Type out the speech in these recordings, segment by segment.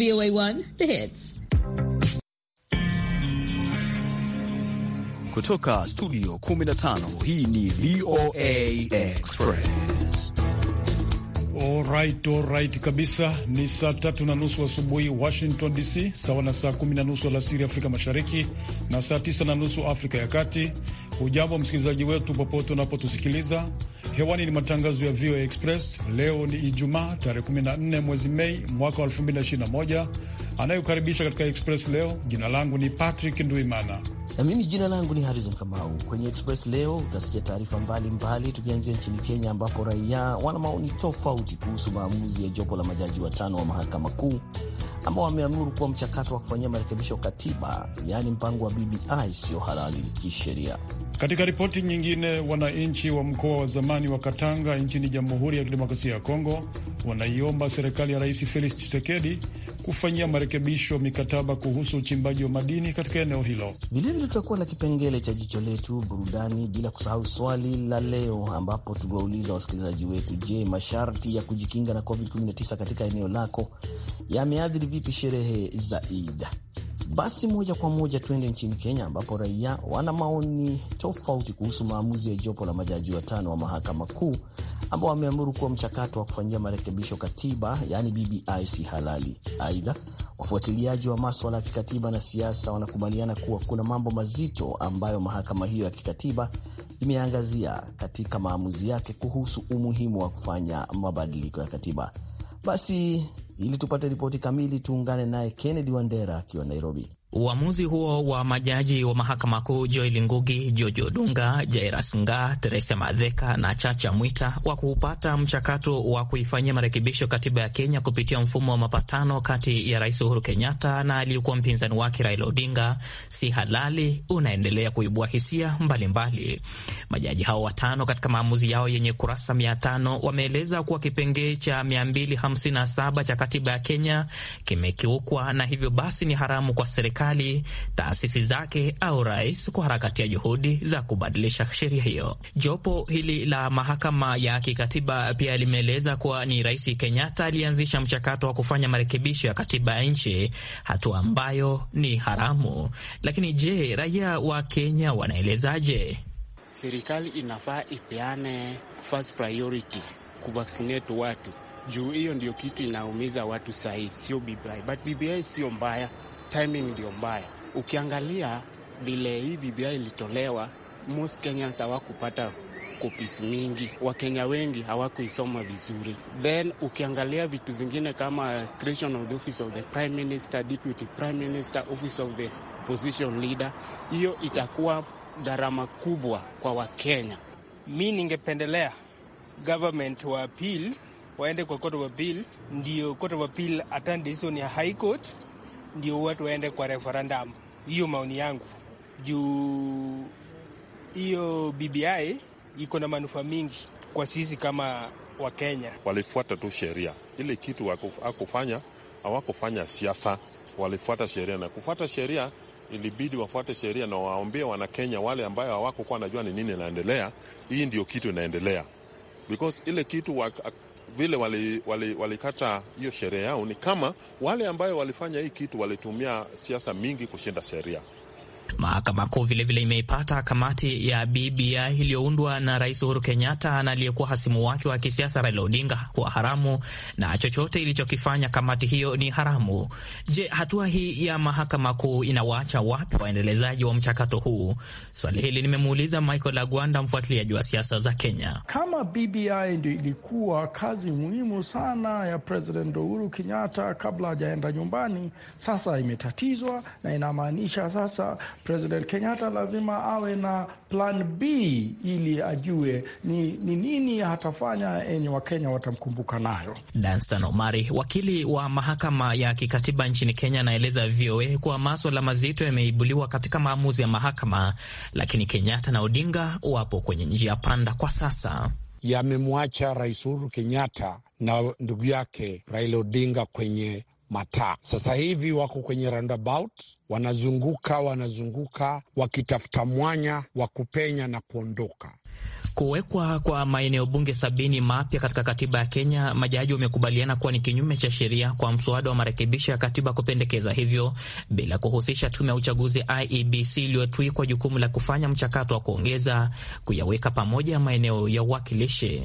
VOA1 The Hits. Kutoka studio 15 hii ni VOA Express. Alright, alright kabisa. Ni saa tatu na nusu asubuhi wa Washington DC, sawa na saa kumi na nusu alasiri Afrika Mashariki na saa tisa na nusu Afrika ya Kati. Hujambo msikilizaji wetu popote unapotusikiliza. Hewani ni matangazo ya VOA Express. Leo ni Ijumaa, tarehe 14 mwezi Mei mwaka 2021. Anayokaribisha katika Express leo, jina langu ni Patrick Nduimana na mimi jina langu ni Harizon Kamau. Kwenye Express leo utasikia taarifa mbalimbali, tukianzia nchini Kenya ambapo raia wana maoni tofauti kuhusu maamuzi ya jopo la majaji watano wa mahakama kuu ambao wameamuru kuwa mchakato wa kufanyia marekebisho katiba, yaani mpango wa BBI, sio halali kisheria. Katika ripoti nyingine, wananchi wa mkoa wa zamani wa Katanga nchini Jamhuri ya Kidemokrasia ya Kongo wanaiomba serikali ya Rais Felix Tshisekedi kufanyia marekebisho mikataba kuhusu uchimbaji wa madini katika eneo hilo. Vilevile tutakuwa na kipengele cha jicho letu, burudani, bila kusahau swali la leo, ambapo tuliwauliza wasikilizaji wetu, je, masharti ya kujikinga na COVID-19 katika eneo lako yameathiri vipi sherehe za Eid? Basi moja kwa moja tuende nchini Kenya, ambapo raia wana maoni tofauti kuhusu maamuzi ya jopo la majaji watano wa mahakama kuu ambao wameamuru kuwa mchakato wa kufanyia marekebisho katiba, yaani BBI, si halali. Aidha, wafuatiliaji wa maswala ya kikatiba na siasa wanakubaliana kuwa kuna mambo mazito ambayo mahakama hiyo ya kikatiba imeangazia katika maamuzi yake kuhusu umuhimu wa kufanya mabadiliko ya katiba. Basi ili tupate ripoti kamili, tuungane naye Kennedy Wandera akiwa Nairobi. Uamuzi huo wa majaji wa mahakama kuu Joel Ngugi, George Odunga, Jairus Ngaah, Teresa Madheka na Chacha Mwita wa kuupata mchakato wa kuifanyia marekebisho katiba ya Kenya kupitia mfumo wa mapatano kati ya Rais Uhuru Kenyatta na aliyekuwa mpinzani wake Raila Odinga si halali unaendelea kuibua hisia mbalimbali mbali. Majaji hao watano katika maamuzi yao yenye kurasa mia tano wameeleza kuwa kipengee cha 257 cha katiba ya Kenya kimekiukwa na hivyo basi ni haramu kwa serikali serikali, taasisi zake au rais kuharakatia juhudi za kubadilisha sheria hiyo. Jopo hili la mahakama ya kikatiba pia limeeleza kuwa ni Rais Kenyatta alianzisha mchakato wa kufanya marekebisho ya katiba ya nchi, hatua ambayo ni haramu. Lakini je, raia wa Kenya wanaelezaje? Serikali inafaa ipeane first priority kuvaksinate watu juu hiyo ndio kitu inaumiza watu sahii, sio BBI. But BBI sio mbaya, timing ndio mbaya. Ukiangalia vile hii BBI ilitolewa, most Kenyans hawakupata copies mingi, Wakenya wengi hawakuisoma vizuri. Then ukiangalia vitu zingine kama creation of the office of the prime minister, deputy prime minister, office of the position leader, hiyo itakuwa gharama kubwa kwa Wakenya. Mi ningependelea government wa appeal waende kwa court of appeal, ndio court of appeal atande hizo ni high court ndio watu waende kwa referendum. Hiyo maoni yangu juu hiyo BBI iko na manufaa mingi kwa sisi kama Wakenya. Walifuata tu sheria ile kitu akufanya, hawakufanya siasa, walifuata sheria na kufuata sheria ilibidi wafuate sheria na waambie Wanakenya wale ambayo hawakukuwa wanajua ni nini inaendelea. Hii ndio kitu inaendelea because ile kitu vile walikata wali, wali hiyo sheria yao, ni kama wale ambayo walifanya hii kitu walitumia siasa mingi kushinda sheria. Mahakama Kuu vilevile imeipata kamati ya BBI iliyoundwa na Rais Uhuru Kenyatta na aliyekuwa hasimu wake wa kisiasa Raila Odinga kuwa haramu na chochote ilichokifanya kamati hiyo ni haramu. Je, hatua hii ya Mahakama Kuu inawaacha wapi waendelezaji wa mchakato huu? Swali hili nimemuuliza Michael Agwanda, mfuatiliaji wa siasa za Kenya. Kama BBI ndio ilikuwa kazi muhimu sana ya President Uhuru Kenyatta kabla hajaenda nyumbani, sasa imetatizwa na inamaanisha sasa President Kenyatta lazima awe na plan B ili ajue ni, ni nini hatafanya enye Wakenya watamkumbuka nayo. Danstan Omari, wakili wa mahakama ya kikatiba nchini Kenya, anaeleza VOA kuwa maswala mazito yameibuliwa katika maamuzi ya mahakama, lakini Kenyatta na Odinga wapo kwenye njia panda kwa sasa. Yamemwacha Rais Uhuru Kenyatta na ndugu yake Raila Odinga kwenye mataa. Sasa hivi wako kwenye roundabout, wanazunguka wanazunguka, wakitafuta mwanya wa kupenya na kuondoka. Kuwekwa kwa maeneo bunge sabini mapya katika katiba ya Kenya, majaji wamekubaliana kuwa ni kinyume cha sheria kwa mswada wa marekebisho ya katiba kupendekeza hivyo bila kuhusisha tume ya uchaguzi IEBC iliyotwikwa jukumu la kufanya mchakato wa kuongeza, kuyaweka pamoja maeneo ya uwakilishi.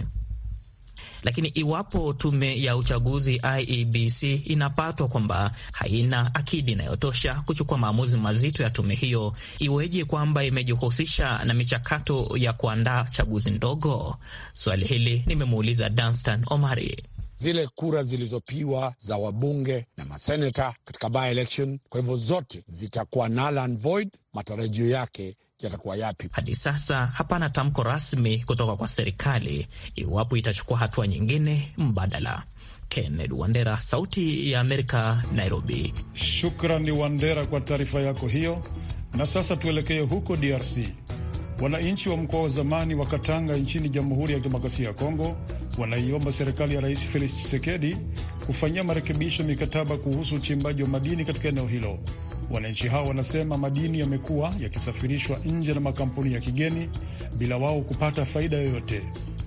Lakini iwapo tume ya uchaguzi IEBC inapatwa kwamba haina akidi inayotosha kuchukua maamuzi mazito ya tume hiyo, iweje kwamba imejihusisha na michakato ya kuandaa chaguzi ndogo? Swali hili nimemuuliza Danstan Omari. Zile kura zilizopiwa za wabunge na maseneta katika by election, kwa hivyo zote zitakuwa null and void, matarajio yake yatakuwa yapi? Hadi sasa hapana tamko rasmi kutoka kwa serikali iwapo itachukua hatua nyingine mbadala. Kennedy Wandera, Sauti ya Amerika, Nairobi. Shukrani Wandera kwa taarifa yako hiyo. Na sasa tuelekee huko DRC. Wananchi wa mkoa wa zamani wa Katanga nchini Jamhuri ya Kidemokrasia ya Kongo wanaiomba serikali ya Rais Felix Tshisekedi kufanyia marekebisho mikataba kuhusu uchimbaji wa madini katika eneo hilo. Wananchi hao wanasema madini yamekuwa yakisafirishwa nje na makampuni ya kigeni bila wao kupata faida yoyote.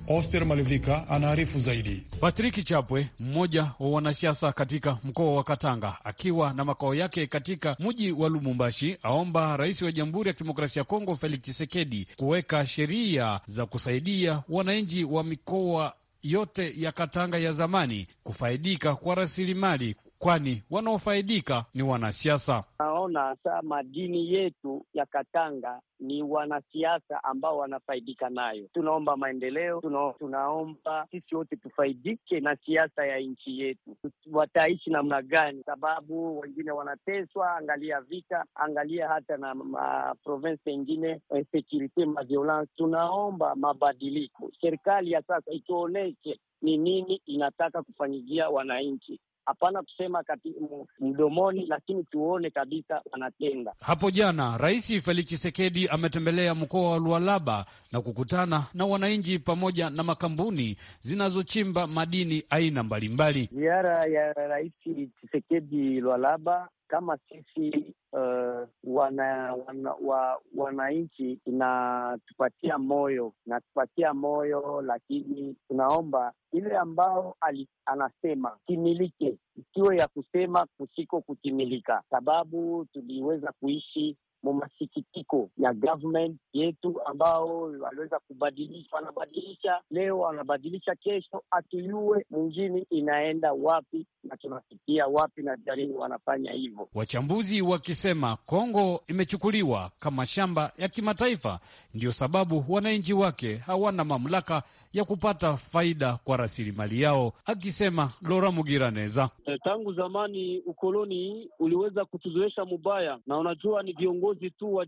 Oster Malivika anaarifu zaidi. Patriki Chapwe, mmoja wa wanasiasa katika mkoa wa Katanga, akiwa na makao yake katika mji wa Lumumbashi, aomba rais wa Jamhuri ya Kidemokrasia ya Kongo Felix Tshisekedi kuweka sheria za kusaidia wananchi wa mikoa yote ya Katanga ya zamani kufaidika kwa rasilimali kwani wanaofaidika ni wanasiasa. Naona saa madini yetu ya Katanga ni wanasiasa ambao wanafaidika nayo. Tunaomba maendeleo, tunaomba sisi wote tufaidike na siasa ya nchi yetu. Wataishi namna gani? Sababu wengine wanateswa, angalia vita, angalia hata na maprovensi ingine eh, sekurite ma violence. Tunaomba mabadiliko, serikali ya sasa ituoneshe ni nini inataka kufanyikia wananchi hapana kusema kati mdomoni, lakini tuone kabisa wanatenda. Hapo jana Rais Felix Tshisekedi ametembelea mkoa wa Lualaba na kukutana na wananchi pamoja na makampuni zinazochimba madini aina mbalimbali. Ziara ya Rais Tshisekedi Lualaba kama sisi uh, wana, wana, wa, wananchi inatupatia moyo inatupatia moyo, lakini tunaomba ile ambao ali, anasema kimilike, ikiwe ya kusema kusiko kutimilika, sababu tuliweza kuishi masikitiko ya government yetu ambao waliweza kubadilisha, wanabadilisha leo, wanabadilisha kesho, atuyue mwingine inaenda wapi na tunafikia wapi, na jarini wanafanya hivyo, wachambuzi wakisema Kongo imechukuliwa kama shamba ya kimataifa, ndio sababu wananchi wake hawana mamlaka ya kupata faida kwa rasilimali yao, akisema Lora Mugiraneza. E, tangu zamani ukoloni uliweza kutuzoesha mubaya, na unajua ni viongozi tu wa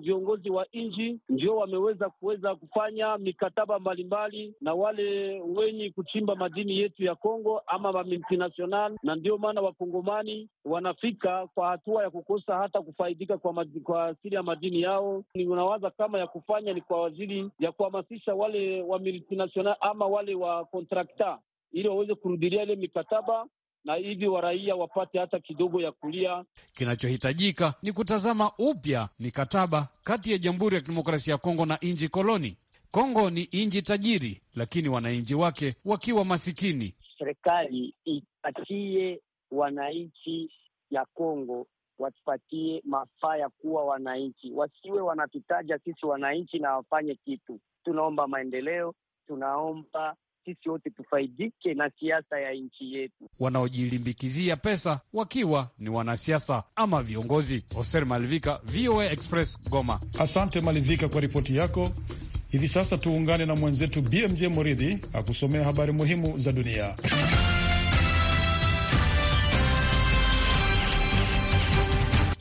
viongozi wa nchi ndio wameweza kuweza kufanya mikataba mbalimbali na wale wenye kuchimba madini yetu ya Kongo ama mamultinational, na ndio maana wakongomani wanafika kwa hatua ya kukosa hata kufaidika kwa madini, kwa asili ya madini yao. Ni unawaza kama ya kufanya ni kwa ajili ya kuhamasisha wale wa multinational ama wale wa kontrakta, ili waweze kurudilia ile mikataba na hivi waraia wapate hata kidogo ya kulia. Kinachohitajika ni kutazama upya mikataba kati ya Jamhuri ya Kidemokrasia ya Kongo na nchi koloni. Kongo ni nchi tajiri, lakini wananchi wake wakiwa masikini. Serikali ipatie wananchi ya Kongo watupatie mafaa ya kuwa wananchi, wasiwe wanatutaja sisi wananchi na wafanye kitu. Tunaomba maendeleo, tunaomba sisi wote tufaidike na siasa ya nchi yetu. Wanaojilimbikizia pesa wakiwa ni wanasiasa ama viongozi. Hoser Malivika, VOA Express, Goma. Asante Malivika kwa ripoti yako. Hivi sasa tuungane na mwenzetu BMJ Moridhi akusomea habari muhimu za dunia.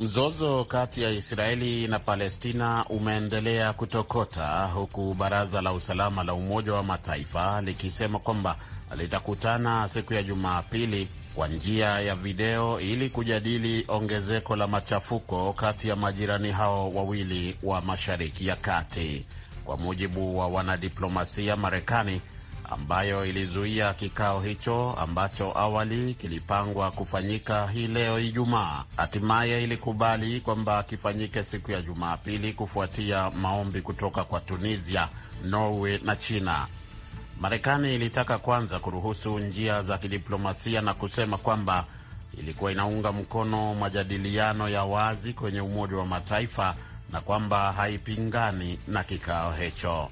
Mzozo kati ya Israeli na Palestina umeendelea kutokota huku Baraza la Usalama la Umoja wa Mataifa likisema kwamba litakutana siku ya Jumapili kwa njia ya video ili kujadili ongezeko la machafuko kati ya majirani hao wawili wa Mashariki ya Kati. Kwa mujibu wa wanadiplomasia, Marekani ambayo ilizuia kikao hicho ambacho awali kilipangwa kufanyika hii leo Ijumaa, hatimaye ilikubali kwamba kifanyike siku ya Jumapili kufuatia maombi kutoka kwa Tunisia, Norway na China. Marekani ilitaka kwanza kuruhusu njia za kidiplomasia na kusema kwamba ilikuwa inaunga mkono majadiliano ya wazi kwenye Umoja wa Mataifa na kwamba haipingani na kikao hicho.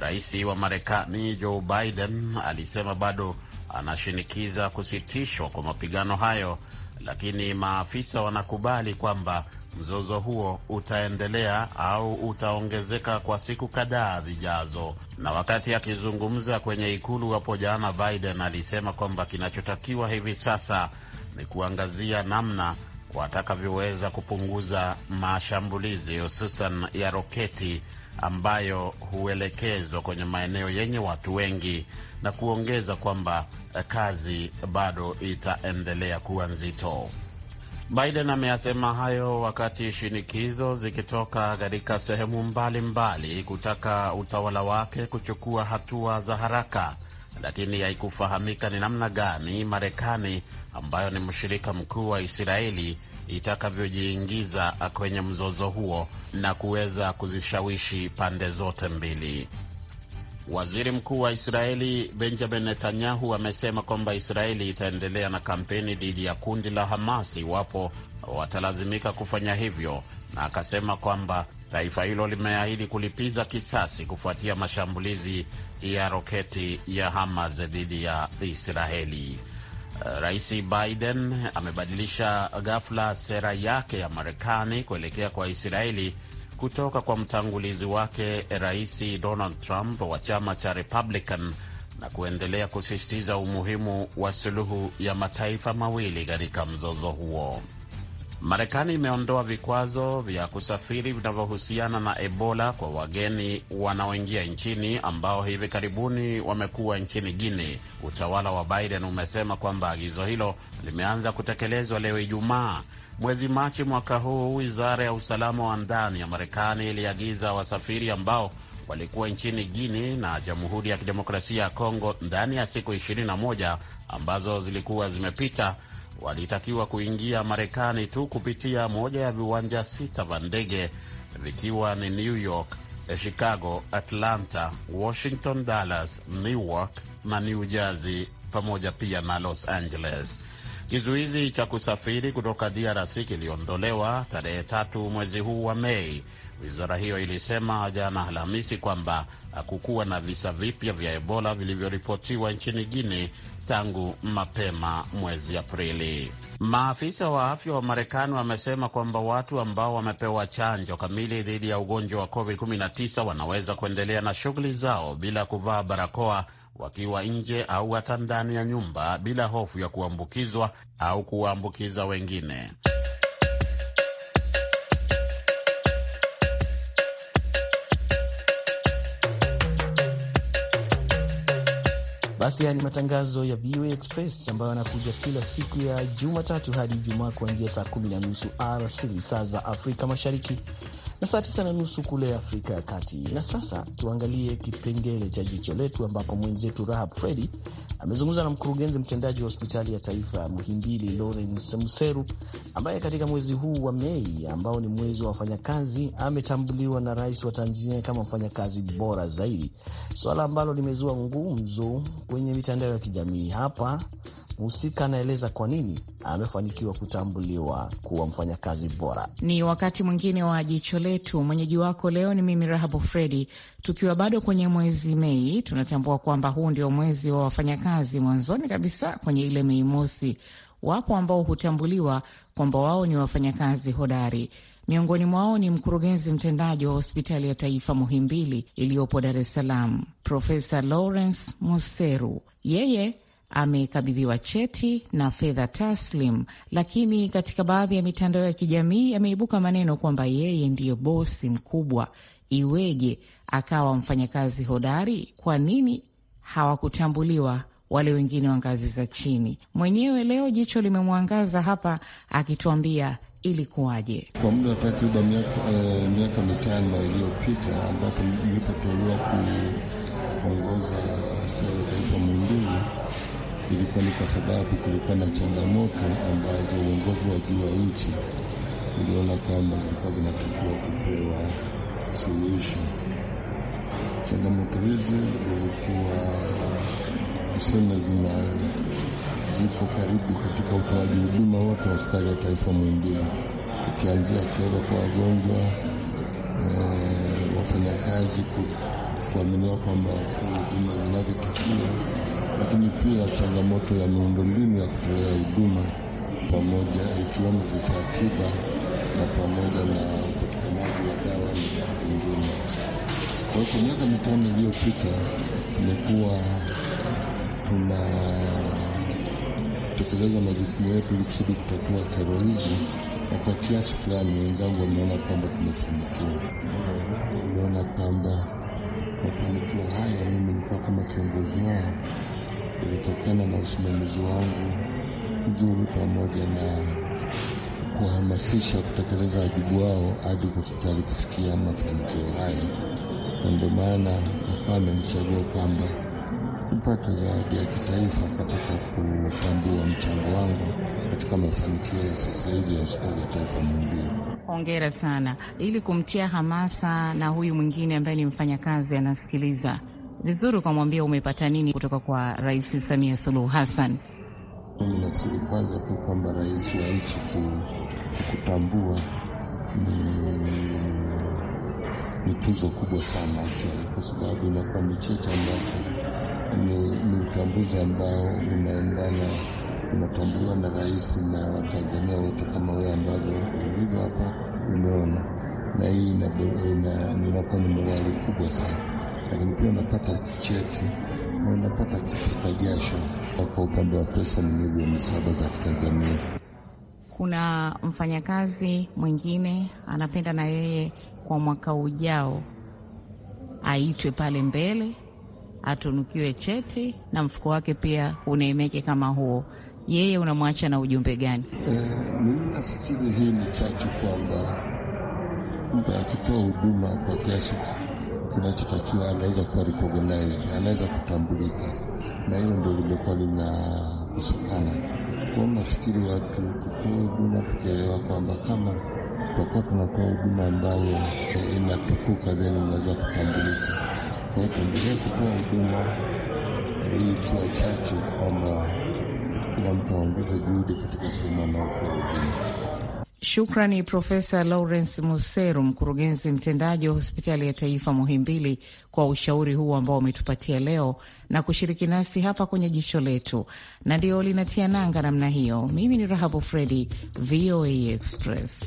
Rais wa Marekani Joe Biden alisema bado anashinikiza kusitishwa kwa mapigano hayo, lakini maafisa wanakubali kwamba mzozo huo utaendelea au utaongezeka kwa siku kadhaa zijazo. Na wakati akizungumza kwenye ikulu hapo jana, Biden alisema kwamba kinachotakiwa hivi sasa ni kuangazia namna watakavyoweza kupunguza mashambulizi hususan ya roketi ambayo huelekezwa kwenye maeneo yenye watu wengi na kuongeza kwamba eh, kazi bado itaendelea kuwa nzito. Biden ameyasema hayo wakati shinikizo zikitoka katika sehemu mbalimbali mbali kutaka utawala wake kuchukua hatua za haraka lakini haikufahamika ni namna gani Marekani ambayo ni mshirika mkuu wa Israeli itakavyojiingiza kwenye mzozo huo na kuweza kuzishawishi pande zote mbili. Waziri Mkuu wa Israeli Benjamin Netanyahu amesema kwamba Israeli itaendelea na kampeni dhidi ya kundi la hamas iwapo watalazimika kufanya hivyo, na akasema kwamba Taifa hilo limeahidi kulipiza kisasi kufuatia mashambulizi ya roketi ya Hamas dhidi ya Israeli. Eh, Rais Biden amebadilisha ghafla sera yake ya Marekani kuelekea kwa Israeli kutoka kwa mtangulizi wake Rais Donald Trump wa chama cha Republican na kuendelea kusisitiza umuhimu wa suluhu ya mataifa mawili katika mzozo huo. Marekani imeondoa vikwazo vya kusafiri vinavyohusiana na Ebola kwa wageni wanaoingia nchini ambao hivi karibuni wamekuwa nchini guine Utawala wa Biden umesema kwamba agizo hilo limeanza kutekelezwa leo Ijumaa. Mwezi Machi mwaka huu, wizara ya usalama wa ndani ya Marekani iliagiza wasafiri ambao walikuwa nchini Guini na Jamhuri ya Kidemokrasia ya Kongo ndani ya siku 21 ambazo zilikuwa zimepita walitakiwa kuingia Marekani tu kupitia moja ya viwanja sita vya ndege vikiwa ni New York, Chicago, Atlanta, Washington, Dallas, Newark na New Jersey pamoja pia na Los Angeles. Kizuizi cha kusafiri kutoka DRC kiliondolewa tarehe tatu mwezi huu wa Mei. Wizara hiyo ilisema jana Alhamisi kwamba hakukuwa na visa vipya vya Ebola vilivyoripotiwa nchini Guinea tangu mapema mwezi Aprili. Maafisa wa afya wa Marekani wamesema kwamba watu ambao wamepewa chanjo kamili dhidi ya ugonjwa wa COVID-19 wanaweza kuendelea na shughuli zao bila kuvaa barakoa wakiwa nje au hata ndani ya nyumba bila hofu ya kuambukizwa au kuwaambukiza wengine. Basi haya ni matangazo ya VOA Express ambayo yanakuja kila siku ya Jumatatu hadi Ijumaa kuanzia saa kumi na nusu alasiri saa za Afrika Mashariki na saa tisa na nusu kule Afrika ya Kati. Na sasa tuangalie kipengele cha jicho letu, ambapo mwenzetu Rahab Fredi amezungumza na mkurugenzi mtendaji wa hospitali ya taifa Muhimbili, Lawrence Mseru, ambaye katika mwezi huu wa Mei ambao ni mwezi wa wafanyakazi ametambuliwa na rais wa Tanzania kama mfanyakazi bora zaidi, suala ambalo limezua ngumzo kwenye mitandao ya kijamii hapa Mhusika anaeleza kwa nini amefanikiwa kutambuliwa kuwa mfanyakazi bora. Ni wakati mwingine wa jicho letu. Mwenyeji wako leo ni mimi Rahabu Fredi. Tukiwa bado kwenye mwezi Mei, tunatambua kwamba huu ndio mwezi wa wafanyakazi. Mwanzoni kabisa kwenye ile Mei Mosi, wapo ambao hutambuliwa kwamba wao ni wafanyakazi hodari. Miongoni mwao ni mkurugenzi mtendaji wa hospitali ya taifa Muhimbili iliyopo Dar es Salaam, Profesa Lawrence Moseru. Yeye amekabidhiwa cheti na fedha taslim, lakini katika baadhi ya mitandao ya kijamii yameibuka maneno kwamba yeye ndiyo bosi mkubwa. Iweje akawa mfanyakazi hodari? Kwa nini hawakutambuliwa wale wengine wa ngazi za chini? Mwenyewe leo jicho limemwangaza hapa akituambia ilikuwaje kwa muda wa takriban miaka eh, mitano iliyopita ambapo nilipotolewa kuongoza hospitali ya taifa Muhimbili ilikuwa ni kwa sababu kulikuwa na changamoto ambazo uongozi wa juu wa nchi uliona kwamba zilikuwa zinatakiwa kupewa suluhisho. Changamoto hizi zilikuwa tuseme, zina ziko karibu katika utoaji huduma wote wa hospitali ya taifa Muhimbili, ukianzia kero kwa wagonjwa, eh, wafanyakazi kuaminiwa kwamba huduma zinavyotakiwa lakini pia changamoto ya miundombinu ya kutolea huduma pamoja, ikiwemo vifaa tiba na pamoja na upatikanaji wa dawa na vitu vingine. Kwa hiyo kwa miaka mitano iliyopita imekuwa tunatekeleza majukumu yetu ili kusudi kutatua kero hizi, na kwa kiasi fulani wenzangu wameona kwamba tumefanikiwa, wameona kwamba mafanikio haya mimi nilikuwa kama kiongozi wao kutokana na usimamizi wangu mzuri pamoja na kuhamasisha kutekeleza wajibu wao hadi kufikali kufikia mafanikio haya, na ndio maana akawa amenichagua kwamba nipate zawadi ya kitaifa katika kutambua mchango wangu katika mafanikio ya sasa hivi ya hospitali ya taifa Muhimbili. Hongera sana, ili kumtia hamasa na huyu mwingine ambaye ni mfanyakazi anasikiliza vizuri ukamwambia umepata nini kutoka kwa Rais Samia Suluhu Hassan. Mimi nafikiri kwanza tu kwamba rais wa nchi kutambua ni, ni tuzo kubwa sana actually, kwa sababu inakuwa ni cheti ambacho ni utambuzi ambao unaendana unatambuliwa na rais na Watanzania wote kama wewe ambavyo ulivyo hapa umeona, na hii inakuwa ni morali kubwa sana lakini pia unapata cheti na unapata kifuta jasho. Kwa upande wa pesa ni milioni saba za Kitanzania. Kuna mfanyakazi mwingine anapenda na yeye kwa mwaka ujao aitwe pale mbele atunukiwe cheti na mfuko wake pia unaemeke kama huo. Yeye unamwacha na ujumbe gani? Eh, mimi nafikiri hii ni chachu kwamba mtu akitoa huduma kwa kiasi kinachotakiwa anaweza kuwa recognized, anaweza kutambulika, na hilo ndio limekuwa linakosekana. Kwa nafikiri watu tutoe huduma tukielewa kwamba kama tutakuwa tunatoa huduma ambayo inatukuka, then inaweza kutambulika. Kwa hiyo tuendelee kutoa huduma eh, hii ikiwa chache kwamba kila mtu aongeze juhudi katika sehemu anaotoa huduma. Shukrani Profesa Lawrence Museru, mkurugenzi mtendaji wa hospitali ya taifa Muhimbili, kwa ushauri huu ambao umetupatia leo na kushiriki nasi hapa kwenye jicho letu, na ndio linatia nanga namna hiyo. Mimi ni Rahabu Fredi, VOA Express.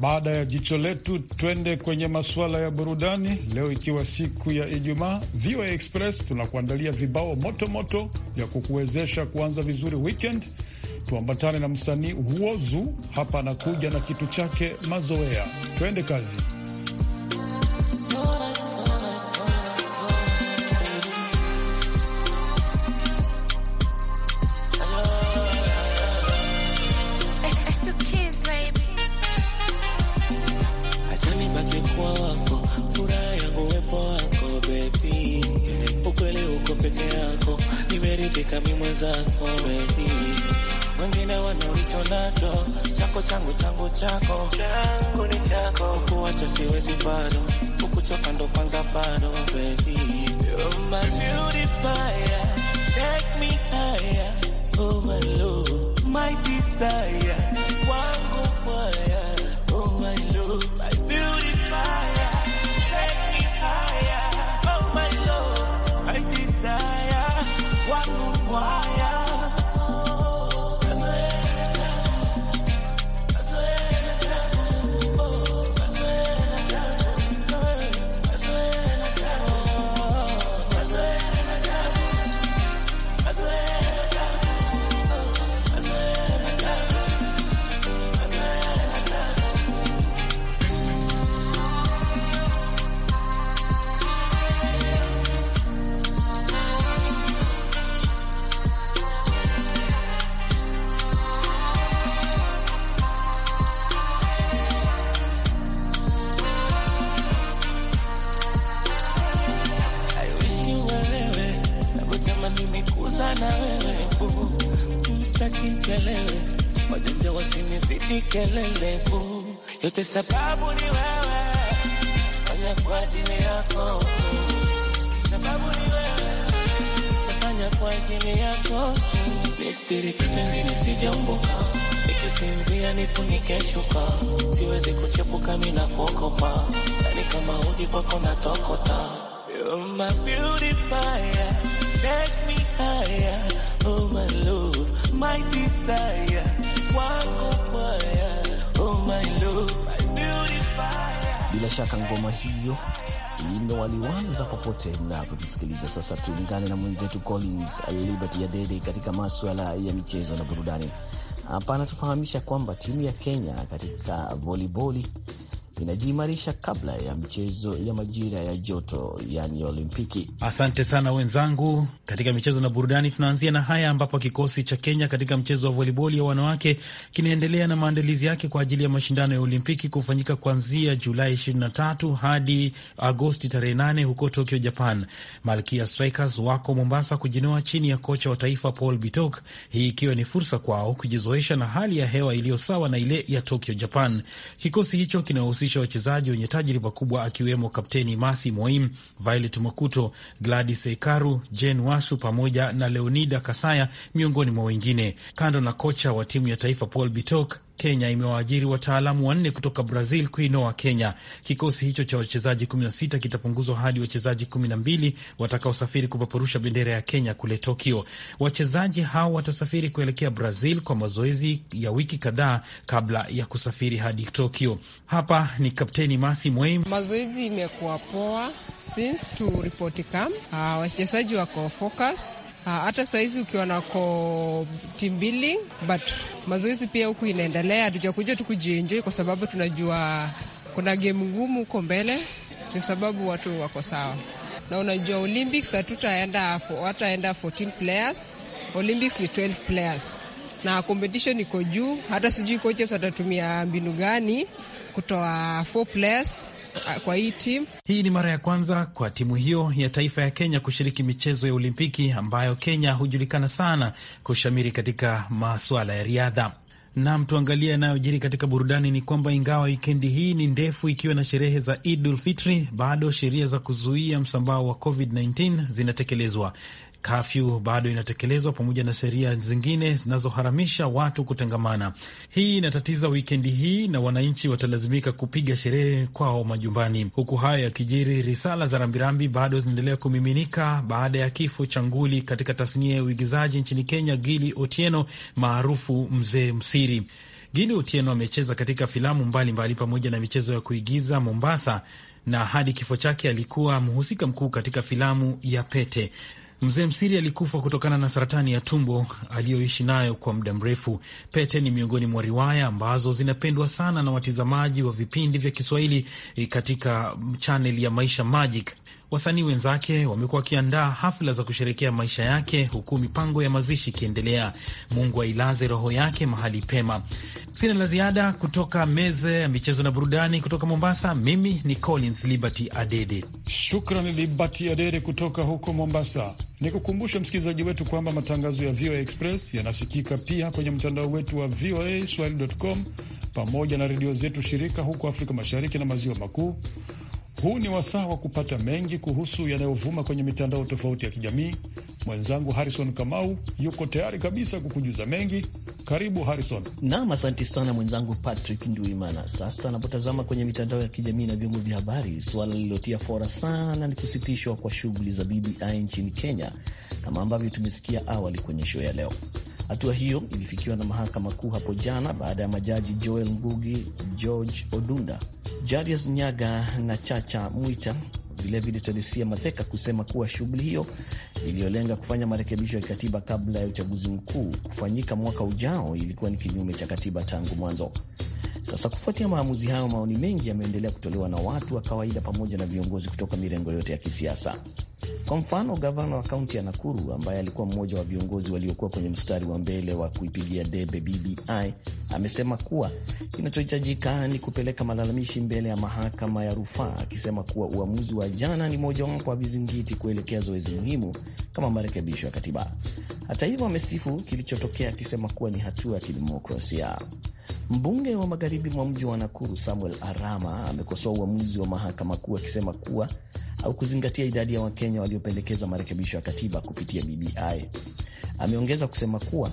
Baada ya jicho letu, twende kwenye masuala ya burudani leo, ikiwa siku ya Ijumaa. VOA Express tunakuandalia vibao motomoto vya kukuwezesha kuanza vizuri weekend Tuambatane na msanii Huozu hapa anakuja na kitu chake Mazoea. Twende kazi. changu siwezi bado, ukuchoka ndo kwanza bado, baby my take me higher, oh my love, my desire haizidi kelele, wajanja wasinizidi kelele, oh. yote sababu ni wewe, fanya kwa ajili yako, sababu ni wewe, nafanya kwa ajili yako, nistiri kipenzi nisijaumbuka nikisinzia nifunike shuka, siwezi kuchepuka na kuogopa, yani kama udi kwako natokota. You're my beauty fire, take me higher, oh my love Oh Bila shaka ngoma hiyo inawaliwaza popote mnapotusikiliza. Sasa tuungane na mwenzetu Collins Liberty Adede katika maswala ya michezo na burudani. Hapa anatufahamisha kwamba timu ya Kenya katika voliboli inajiimarisha kabla ya mchezo ya majira ya joto yani Olimpiki. Asante sana wenzangu. Katika michezo na burudani, tunaanzia na haya ambapo kikosi cha Kenya katika mchezo wa voliboli ya wanawake kinaendelea na maandalizi yake kwa ajili ya mashindano ya Olimpiki kufanyika kuanzia Julai 23 hadi Agosti tarehe 8 huko Tokyo, Japan. Malkia Strikers wako Mombasa kujinoa chini ya kocha wa taifa Paul Bitok, hii ikiwa ni fursa kwao kujizoesha na hali ya hewa iliyo sawa na ile ya Tokyo, Japan. Kikosi hicho kinahusisha kuhusisha wachezaji wenye tajriba kubwa akiwemo Kapteni Masi Moim, Violet Makuto, Gladys Ekaru, Jen Wasu pamoja na Leonida Kasaya miongoni mwa wengine. Kando na kocha wa timu ya taifa Paul Bitok Kenya imewaajiri wataalamu wanne kutoka Brazil kuinoa Kenya. Kikosi hicho cha wachezaji 16 kitapunguzwa hadi wachezaji 12 watakaosafiri kupeperusha bendera ya Kenya kule Tokyo. Wachezaji hao watasafiri kuelekea Brazil kwa mazoezi ya wiki kadhaa kabla ya kusafiri hadi Tokyo. Hapa ni Kapteni Masi Mwei. Mazoezi imekuwa poa since to report Uh, wachezaji wako focus Ah, hata sahizi ukiwa nako team building but mazoezi pia huku inaendelea, hatujakuja tu kwa sababu tunajua kuna gemu ngumu huko mbele, kwa sababu watu wako sawa na unajua Olympics hatutaenda hataenda 14 players, Olympics ni 12 players na competition iko juu. Hata sijui coaches watatumia mbinu gani kutoa 4 players kwa hii timu. Hii ni mara ya kwanza kwa timu hiyo ya taifa ya Kenya kushiriki michezo ya Olimpiki ambayo Kenya hujulikana sana kushamiri katika masuala ya riadha. Nam, tuangalia yanayojiri katika burudani. Ni kwamba ingawa wikendi hii ni ndefu, ikiwa na sherehe za Idul Fitri, bado sheria za kuzuia msambao wa COVID-19 zinatekelezwa. Kafyu bado inatekelezwa pamoja na sheria zingine zinazoharamisha watu kutengamana Hii inatatiza wikendi hii, na wananchi watalazimika kupiga sherehe kwao majumbani. Huku hayo yakijiri, risala za rambirambi bado zinaendelea kumiminika baada ya kifo cha nguli katika tasnia ya uigizaji nchini Kenya, Gili Otieno maarufu Mzee Msiri. Gili Otieno amecheza katika filamu mbalimbali pamoja na michezo ya kuigiza Mombasa, na hadi kifo chake alikuwa mhusika mkuu katika filamu ya Pete. Mzee Msiri alikufa kutokana na saratani ya tumbo aliyoishi nayo kwa muda mrefu. Pete ni miongoni mwa riwaya ambazo zinapendwa sana na watizamaji wa vipindi vya Kiswahili eh, katika chaneli ya Maisha Magic Wasanii wenzake wamekuwa wakiandaa hafla za kusherekea maisha yake huku mipango ya mazishi ikiendelea. Mungu ailaze roho yake mahali pema. Sina la ziada kutoka meza ya michezo na burudani kutoka Mombasa. Mimi ni Collins Liberty Adede. Shukran Liberty Adede kutoka huko Mombasa. ni kukumbusha msikilizaji wetu kwamba matangazo ya VOA Express yanasikika pia kwenye mtandao wetu wa VOA Swahili.com pamoja na redio zetu shirika huko Afrika Mashariki na Maziwa Makuu. Huu ni wasaa wa kupata mengi kuhusu yanayovuma kwenye mitandao tofauti ya kijamii. Mwenzangu Harrison Kamau yuko tayari kabisa kukujuza mengi. Karibu Harrison. Naam, asante sana mwenzangu Patrick Nduimana. Sasa anapotazama kwenye mitandao ya kijamii na vyombo vya habari, suala lililotia fora sana ni kusitishwa kwa shughuli za BBI nchini Kenya, kama ambavyo tumesikia awali kwenye show ya leo. Hatua hiyo ilifikiwa na mahakama kuu hapo jana baada ya majaji Joel Ngugi, George Odunda Jarius Nyaga na Chacha Mwita vilevile Teresia Matheka kusema kuwa shughuli hiyo iliyolenga kufanya marekebisho ya katiba kabla ya uchaguzi mkuu kufanyika mwaka ujao ilikuwa ni kinyume cha katiba tangu mwanzo. Sasa kufuatia maamuzi hayo, maoni mengi yameendelea kutolewa na watu wa kawaida pamoja na viongozi kutoka mirengo yote ya kisiasa. Kwa mfano, gavana wa kaunti ya Nakuru ambaye alikuwa mmoja wa viongozi waliokuwa kwenye mstari wa mbele wa kuipigia debe BBI amesema kuwa kinachohitajika ni kupeleka malalamishi mbele ya mahakama ya rufaa, akisema kuwa uamuzi wa jana ni mojawapo wa vizingiti kuelekea zoezi muhimu kama marekebisho ya katiba. Hata hivyo, amesifu kilichotokea, akisema kuwa ni hatua ya kidemokrasia. Mbunge wa magharibi mwa mji wa Nakuru Samuel Arama amekosoa uamuzi wa mahakama kuu akisema kuwa au kuzingatia idadi ya Wakenya waliopendekeza marekebisho ya katiba kupitia BBI. Ameongeza kusema kuwa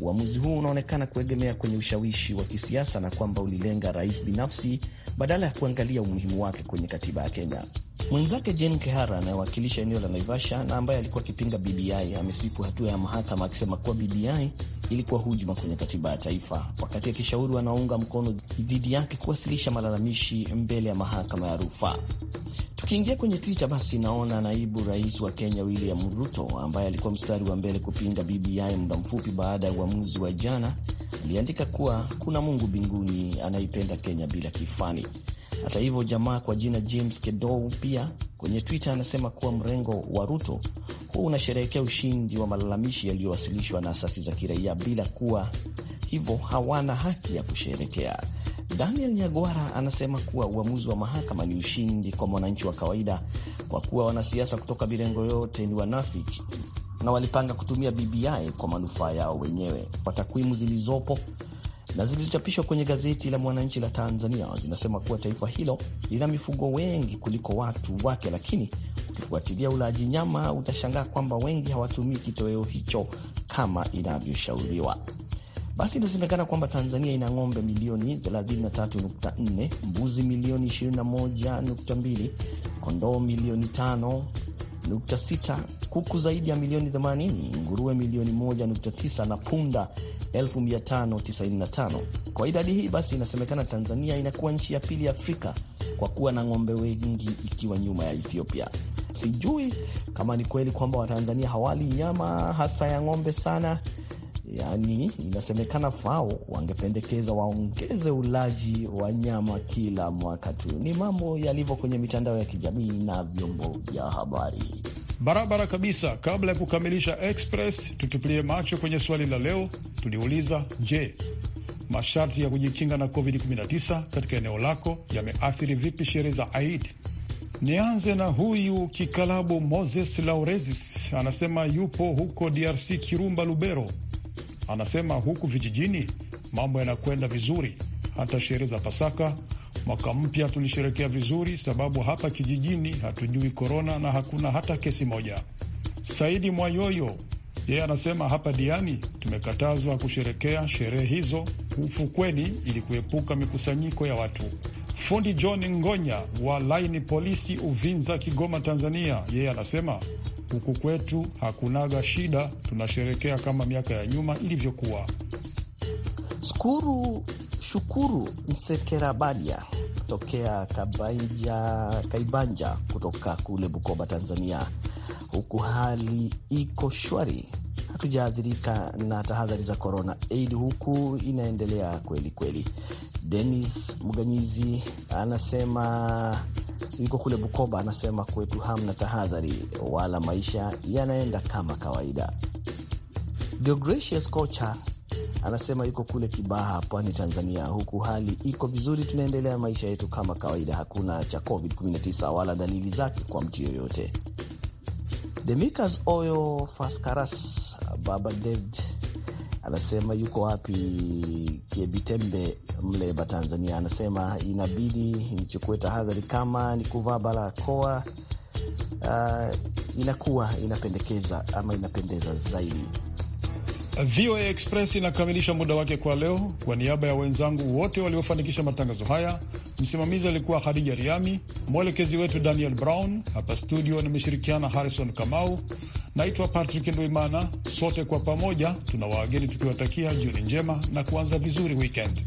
uamuzi huu unaonekana kuegemea kwenye ushawishi wa kisiasa na kwamba ulilenga rais binafsi badala ya kuangalia umuhimu wake kwenye katiba ya Kenya. Mwenzake Jen Kehara anayewakilisha eneo la Naivasha na ambaye alikuwa akipinga BBI amesifu hatua ya mahakama akisema kuwa BBI ilikuwa hujuma kwenye katiba ya taifa, wakati akishauri wanaounga mkono dhidi yake kuwasilisha malalamishi mbele ya mahakama ya rufaa. Tukiingia kwenye Twitter basi, naona naibu rais wa Kenya William Ruto ambaye alikuwa mstari wa mbele kupinga BBI muda mfupi baada ya uamuzi wa jana, aliandika kuwa kuna Mungu mbinguni anaipenda Kenya bila kifani. Hata hivyo, jamaa kwa jina James Kedou pia kwenye Twitter anasema kuwa mrengo wa Ruto huwa unasherehekea ushindi wa malalamishi yaliyowasilishwa na asasi za kiraia, bila kuwa hivyo hawana haki ya kusherekea. Daniel Nyagwara anasema kuwa uamuzi wa mahakama ni ushindi kwa mwananchi wa kawaida, kwa kuwa wanasiasa kutoka mirengo yote ni wanafiki na walipanga kutumia BBI kwa manufaa yao wenyewe. Kwa takwimu zilizopo na zilizochapishwa kwenye gazeti la Mwananchi la Tanzania zinasema kuwa taifa hilo lina mifugo wengi kuliko watu wake, lakini ukifuatilia ulaji nyama utashangaa kwamba wengi hawatumii kitoweo hicho kama inavyoshauriwa. Basi inasemekana kwamba Tanzania ina ng'ombe milioni 33.4, mbuzi milioni 21.2, kondoo milioni 5.6, kuku zaidi ya milioni 80, nguruwe milioni 1.9 na punda 595. Kwa idadi hii basi inasemekana Tanzania inakuwa nchi ya pili Afrika kwa kuwa na ng'ombe wengi ikiwa nyuma ya Ethiopia. Sijui kama ni kweli kwamba Watanzania hawali nyama hasa ya ng'ombe sana Yaani, inasemekana FAO wangependekeza waongeze ulaji wa nyama kila mwaka tu. Ni mambo yalivyo kwenye mitandao ya kijamii na vyombo vya habari. Barabara kabisa. Kabla ya kukamilisha Express, tutupilie macho kwenye swali la leo. Tuliuliza, je, masharti ya kujikinga na COVID-19 katika eneo lako yameathiri vipi sherehe za Aid? Nianze na huyu kikalabu Moses Laurezis, anasema yupo huko DRC, Kirumba, Lubero. Anasema huku vijijini mambo yanakwenda vizuri, hata sherehe za Pasaka mwaka mpya tulisherekea vizuri, sababu hapa kijijini hatujui korona na hakuna hata kesi moja. Saidi Mwayoyo yeye anasema hapa Diani tumekatazwa kusherekea sherehe hizo ufukweni ili kuepuka mikusanyiko ya watu. Fundi John Ngonya wa laini polisi Uvinza, Kigoma, Tanzania, yeye anasema Huku kwetu hakunaga shida, tunasherekea kama miaka ya nyuma ilivyokuwa. Shukuru, Shukuru Nsekerabadia tokea Kaibanja, Kaibanja kutoka kule Bukoba, Tanzania. Huku hali iko shwari hatujaathirika na tahadhari za corona aid huku inaendelea kweli kweli. Denis Mganyizi anasema yuko kule Bukoba, anasema kwetu hamna tahadhari wala maisha yanaenda kama kawaida. Deogratius Kocha anasema yuko kule Kibaha, pwani Tanzania, huku hali iko vizuri, tunaendelea maisha yetu kama kawaida, hakuna cha COVID-19 wala dalili zake kwa mtu yoyote. Demikas Oyo Faskaras, baba David anasema yuko wapi? Kiebitembe, Mleba, Tanzania. Anasema inabidi nichukue tahadhari kama ni kuvaa barakoa. Uh, inakuwa inapendekeza ama inapendeza zaidi. VOA Express inakamilisha muda wake kwa leo. Kwa niaba ya wenzangu wote waliofanikisha matangazo haya, Msimamizi alikuwa Khadija Riami, mwelekezi wetu Daniel Brown. Hapa studio nimeshirikiana Harrison Kamau. Naitwa Patrick Ndwimana. Sote kwa pamoja tuna waageni tukiwatakia jioni njema na kuanza vizuri wikendi.